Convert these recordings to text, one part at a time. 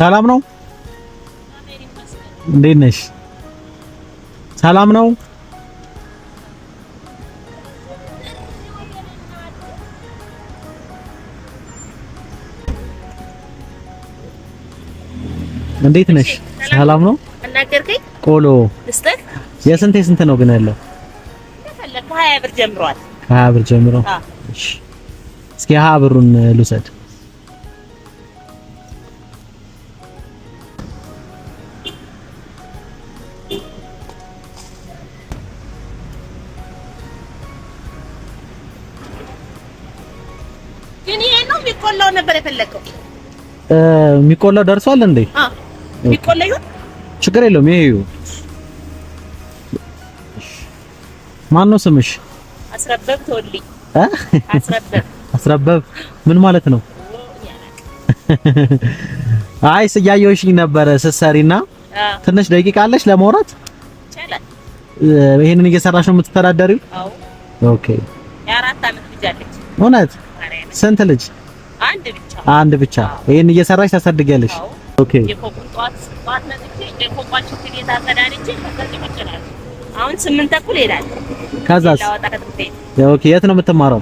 ሰላም ነው? እንዴት ነሽ? ሰላም ነው? እንዴት ነሽ? ሰላም ነው? እናገርከኝ ቆሎ የስንት የስንት ነው ግን ያለው? ከሀያ ብር ጀምሯል። ከሀያ ብር ጀምሮ። እሺ፣ እስኪ ሀያ ብሩን ልውሰድ የሚቆላው ነበር የፈለገው። የሚቆላው ደርሷል እንዴ? የሚቆላ ይሁን ችግር የለውም። ይሄ ማን ነው ስምሽ? አስረበብ ተወልኝ። አስረበብ ምን ማለት ነው? አይ ስያየሽኝ ነበረ ስትሰሪና ትንሽ ደቂቃ አለሽ ለማውራት? ይሄንን እየሰራሽ ነው የምትተዳደሪው? ኦኬ። የአራት አመት ልጅ አለች። እውነት? ስንት ልጅ አንድ ብቻ ይሄን እየሰራሽ ታሳድጊያለሽ። ኦኬ አሁን ስምንት ተኩል ይላል። ከዛስ? ኦኬ የት ነው የምትማረው?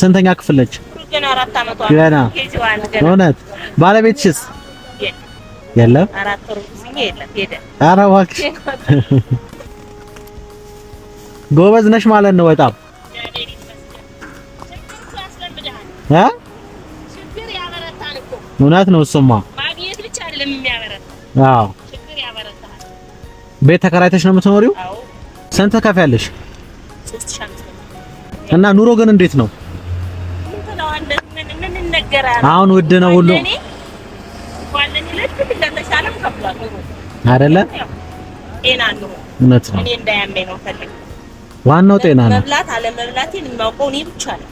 ስንተኛ ክፍል ነች? ገና እውነት። ባለቤትሽስ? የለም። ኧረ እባክሽ ጎበዝ ነሽ ማለት ነው በጣም እውነት ነው። እሱማ ማግኘት ብቻ አይደለም የሚያበረታ። አዎ ችግር ያበረታል። ቤት ተከራይተሽ ነው የምትኖሪው? አዎ። ስንት ትከፍያለሽ? እና ኑሮ ግን እንዴት ነው አሁን? ውድ ነው ሁሉ አይደለ? ጤና ነው። ዋናው ጤና ነው። መብላት አለመብላቴን የማውቀው እኔ ብቻ ነው።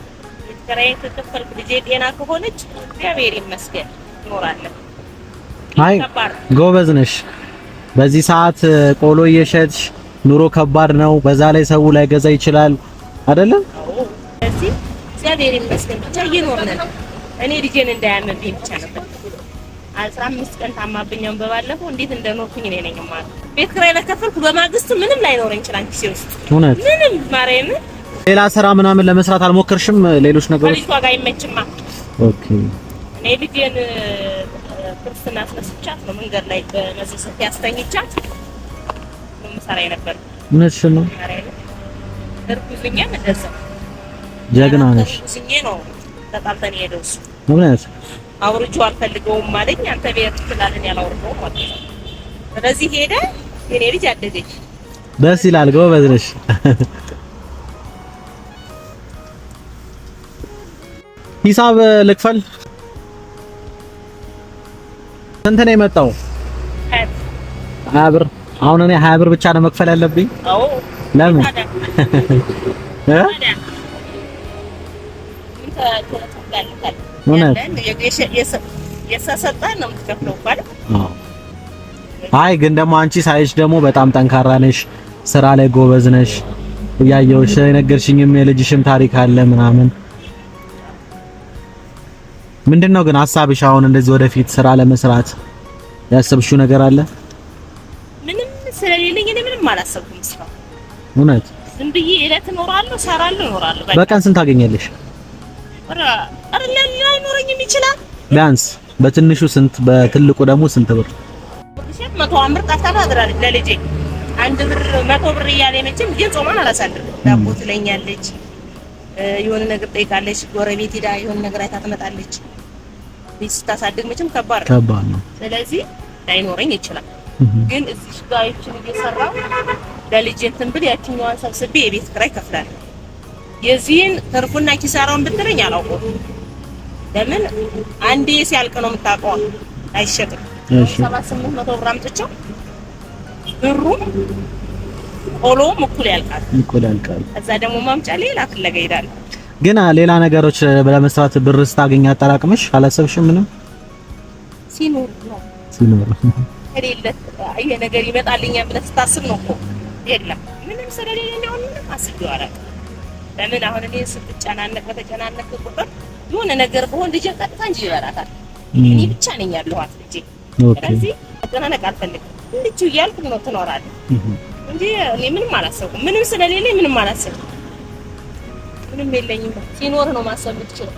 ኪራዬን ከከፈልኩ ልጄ ጤና ከሆነች እግዚአብሔር ይመስገን እኖራለሁ። አይ ጎበዝ ነሽ። በዚህ ሰዓት ቆሎ እየሸጥሽ ኑሮ ከባድ ነው። በዛ ላይ ሰው ላይ ገዛ ይችላል አይደለም? ስለዚህ እግዚአብሔር ይመስገን ብቻ እየኖርን ነው። እኔ ልጄን እንዳያመብኝ ብቻ ነበር። አስራ አምስት ቀን ታማብኛውን በባለፈው እንዴት እንደኖርኩኝ እኔ ነኝ ማለት ቤት ክራይ ለከፈልኩ በማግስቱ ምንም ላይኖረኝ ይችላል ኪሴ ውስጥ ምንም ማርያምን ሌላ ስራ ምናምን ለመስራት አልሞከርሽም? ሌሎች ነገሮች ከልጅቷ ጋር አይመችማ። ኦኬ እኔ ልጄን ክርስትና አስነስቻት ነው መንገድ ላይ በመዘሰት ያስተኝቻት ነው። ጀግና ነሽ። እርጉዝኛ ነው ተጣልተን የሄደው እሱ አልፈልገውም ማለኝ አንተ ቤት ትላለህ ያላውርደው ማለት ነው። ስለዚህ ሄደ የኔ ልጅ አደገች። ደስ ይላል። ጎበዝ ነሽ። ሂሳብ ልክፈል። ስንት ነው የመጣው? ሀያ ብር። አሁን እኔ ሀያ ብር ብቻ ነው መክፈል ያለብኝ? አዎ። ለምን አይ ግን ደግሞ አንቺ ሳይሽ ደግሞ በጣም ጠንካራ ነሽ፣ ስራ ላይ ጎበዝ ነሽ። እያየሁሽ የነገርሽኝም የልጅሽም ታሪክ አለ ምናምን ምንድነው ግን ሀሳብሽ? አሁን እንደዚህ ወደፊት ስራ ለመስራት ያሰብሽው ነገር አለ? ምንም ስለሌለኝ እኔ ምንም አላሰብኩም። ስራ እውነት ዝም ብዬ እለት እኖራለሁ፣ እሰራለሁ፣ እኖራለሁ። በቀን ስንት ታገኛለሽ? ኧረ ላይኖረኝም ይችላል። ቢያንስ በትንሹ ስንት፣ በትልቁ ደግሞ ስንት ብር? መቶ ብር ጠፍታ አድራለች ለልጄ አንድ ብር መቶ ብር እያለ መቼም ግን ጾማን አላሳድርም። ዳቦ ትለኛለች፣ የሆነ ነገር ጠይቃለች፣ ጎረቤት ሄዳ የሆነ ነገር አይታ ትመጣለች። ቤት ስታሳድግ መቼም ከባድ ነው። ስለዚህ ላይኖረኝ ይችላል። ግን እዚህ ጋር ይችን እየሰራ እንትን ብል ያችኛዋን ሰብስቤ የቤት ክራይ እከፍላለሁ። የዚህን ትርፉና ኪሳራውን ብትለኝ አላውቀውም። ለምን አንዴ ሲያልቅ ነው የምታውቀው፣ አይሸጥም። ሰባት ስምንት መቶ ብር አምጥቼው ብሩም እኩል ያልቃል እኩል ያልቃል። እዛ ደግሞ ማምጫ ሌላ ፍለጋ ሄዳለሁ? ግን ሌላ ነገሮች ለመስራት ብር ስታገኝ አጠራቅመሽ አላሰብሽም? ምንም ሲኖር ሲኖር ከሌለ ይሄ ነገር ይመጣልኛል ብለህ ነው እኮ። ምንም ለምን አሁን እኔ ቁጥር የሆነ ነገር በሆን ልጅ ቀጥታ እንጂ ይበራታል። እኔ ብቻ ነኝ ያለኋት ልጄ። ስለዚህ መጨናነቅ አልፈልግም። ልጁ እያልኩ ነው ትኖራለህ እንጂ እኔ ምንም አላሰብኩም። ምንም ስለሌለኝ ምንም አላሰብኩም። ምንም የለኝም። ሲኖር ነው ማሰብ የምትችለው።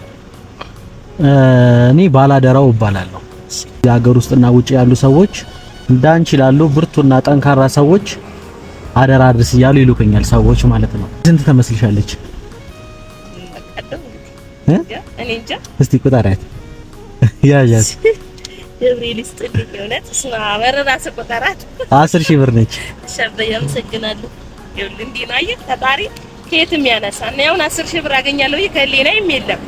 እኔ ባላደራው እባላለሁ። የሀገር ውስጥና ውጭ ያሉ ሰዎች እንዳንቺ ላሉ ብርቱና ጠንካራ ሰዎች አደራ አድርስ እያሉ ይልኩኛል ሰዎች ማለት ነው። ስንት ተመስልሻለች? እስቲ ቁጠሪያት። ያዣት ገብርኤል ይስጥልኝ። እውነት ስማ፣ በራስህ ቁጠራት። አስር ሺህ ብር ነች። ሸበየ አመሰግናለሁ። ይኸውልህ እንዲህ ነው አየህ፣ ፈጣሪ ከየትም ያነሳ እና ያሁን አስር ሺህ ብር አገኛለሁ ይሄ ከህሊናዬም የለም።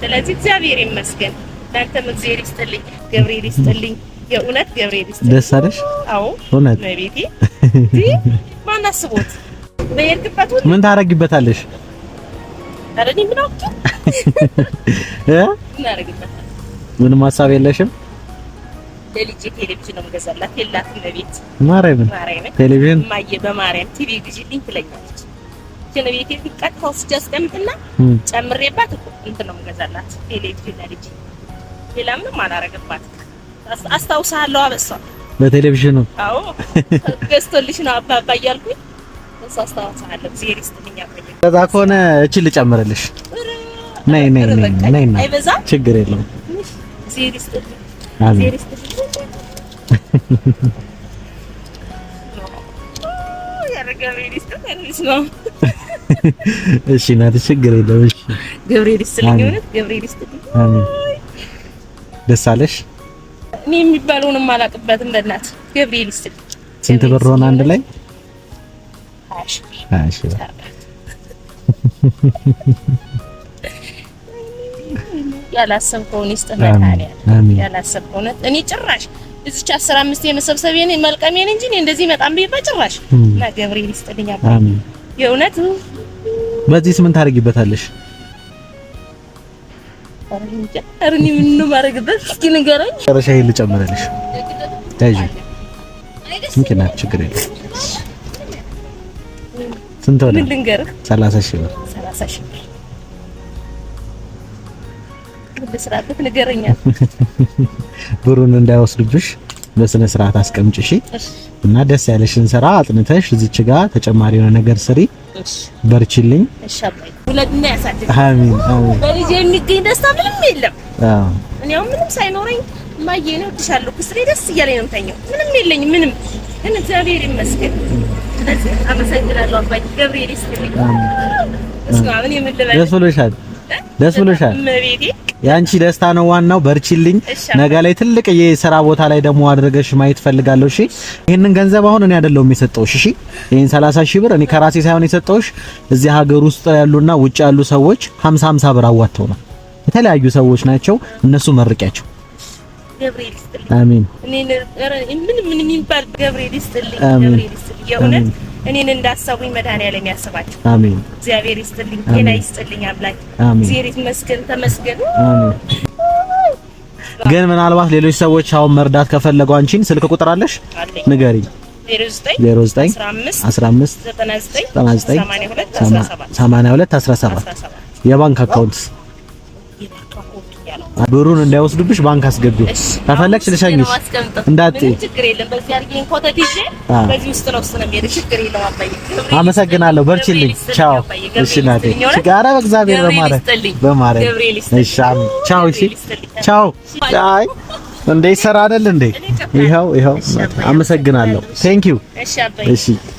ስለዚህ እግዚአብሔር ይመስገን። እናንተም እግዚአብሔር ይስጥልኝ፣ ገብርኤል ይስጥልኝ፣ የእውነት ገብርኤል ይስጥልኝ። ደስ አለሽ? አዎ እውነት ቤቴ ማን አስቦት በየሄድክበት ሁሉ ምን ታረጊበታለሽ? ኧረ እኔ ምን አውቄ እ ምን አረግበታለሁ? ምንም ሀሳብ የለሽም? ለልጄ ቴሌቪዥን ነው የምገዛላት የላትም። ቤት ማርያምን ማርያምን ቴሌቪዥን ማየ በማርያም ቲቪ ግዢልኝ ትለኛለች ችን ቤት የትቀት ከውስጥ ያስቀምጥና ጨምሬባት እንትን ነው የምገዛላት ኤሌክትሪክ ልጅ ሌላ ምንም አላረገባት። አስታውሳለሁ አበሷ በቴሌቪዥን አዎ ገዝቶልሽ ነው አባባ እያልኩኝ እሱ አስታውሳለሁ። እግዚአብሔር ይስጥልኝ። አቆየ ከዛ ከሆነ እችን ልጨምርልሽ። ነይ ነይ ነይ ነይ፣ አይበዛም፣ ችግር የለውም። እግዚአብሔር ይስጥልኝ። እግዚአብሔር ያረጋ ቤት ይስጥልኝ ነው እሺ እናት፣ ችግር የለም። እሺ ገብርኤል ይስጥልኝ፣ እውነት ገብርኤል ይስጥልኝ። አሜን። ደስ አለሽ። እኔ የሚባለውን አላውቅበትም። በእናት ገብርኤል ይስጥልኝ። ስንት ብር ሆነ አንድ ላይ? እሺ ያላሰብከውን ይስጥልኝ። ያላሰብከውን እኔ ጭራሽ እዚች 15 የመሰብሰቤን መልቀሜን እንጂ እንደዚህ መጣም በጭራሽ እና ገብርኤል ይስጥልኝ። አሜን የእውነት በዚህ ምን ታደርጊበታለሽ? አረኝ ምን ነው ማረግበት? እስኪ ንገረኝ። ጨረሻ ይሄን ልጨምረልሽ። ታይጂ ምንከና ችግር የለም። ስንት ሆነ? ምን ልንገርህ? 30 ሺህ ብር 30 ሺህ ብር ብስራበት ንገረኛ ብሩን እንዳይወስድብሽ በስነ ስርዓት አስቀምጭ እሺ። እና ደስ ያለሽን ስራ አጥንተሽ እዚች ጋር ተጨማሪ የሆነ ነገር ስሪ። በርችልኝ። እሺ አሜን በልጄ የሚገኝ ደስታ ምንም የለም። እኔ አሁን ምንም ሳይኖረኝ ነው ደስ እያለኝ ነው የምተኛው። ምንም የለኝ ምንም፣ ግን እግዚአብሔር ይመስገን። ስለዚህ አመሰግናለሁ አባዬ ገብርኤል ይስጥልኝ። የምልበል ደስ ብሎሻል? ደስ ብሎሻል። የአንቺ ደስታ ነው ዋናው። በርቺልኝ። ነገ ላይ ትልቅ የስራ ቦታ ላይ ደግሞ አድርገሽ ማየት ፈልጋለሁ። እሺ፣ ይሄንን ገንዘብ አሁን እኔ አይደለሁም የሰጠሁሽ። እሺ፣ ይሄን 30 ሺህ ብር እኔ ከራሴ ሳይሆን የሰጠሁሽ እዚህ ሀገር ውስጥ ያሉና ውጭ ያሉ ሰዎች 50 50 ብር አዋጥተው ነው። የተለያዩ ሰዎች ናቸው እነሱ መርቂያቸው ገብርኤል ይስጥልኝ። አሜን። እኔ ምን ምን የሚባል ገብርኤል ይስጥልኝ። ገብርኤል ይስጥልኝ የእውነት እኔን እንዳሰቡኝ መድኃኒዓለም ያስባችሁ። አሜን። እግዚአብሔር ይስጥልኝ፣ ጤና ይስጥልኝ አምላክ። እግዚአብሔር ይመስገን፣ ተመስገን። ግን ምናልባት ሌሎች ሰዎች አሁን መርዳት ከፈለጉ አንቺን ስልክ ቁጥር አለሽ? ንገሪኝ። 0915 15 99 82 17 የባንክ አካውንት ብሩን እንዳይወስዱብሽ ባንክ አስገቢው። ከፈለግሽ ልሸኝሽ እንዳትዪ። አመሰግናለሁ። በርቺልኝ። ቻው። እሺ ናቴ። ኧረ በእግዚአብሔር በማረ በማረ። እሺ ቻው። እሺ ቻው። አይ እንዴ ይሰራ አይደል እንዴ? ይኸው ይኸው። አመሰግናለሁ። ቴንክ ዩ። እሺ እሺ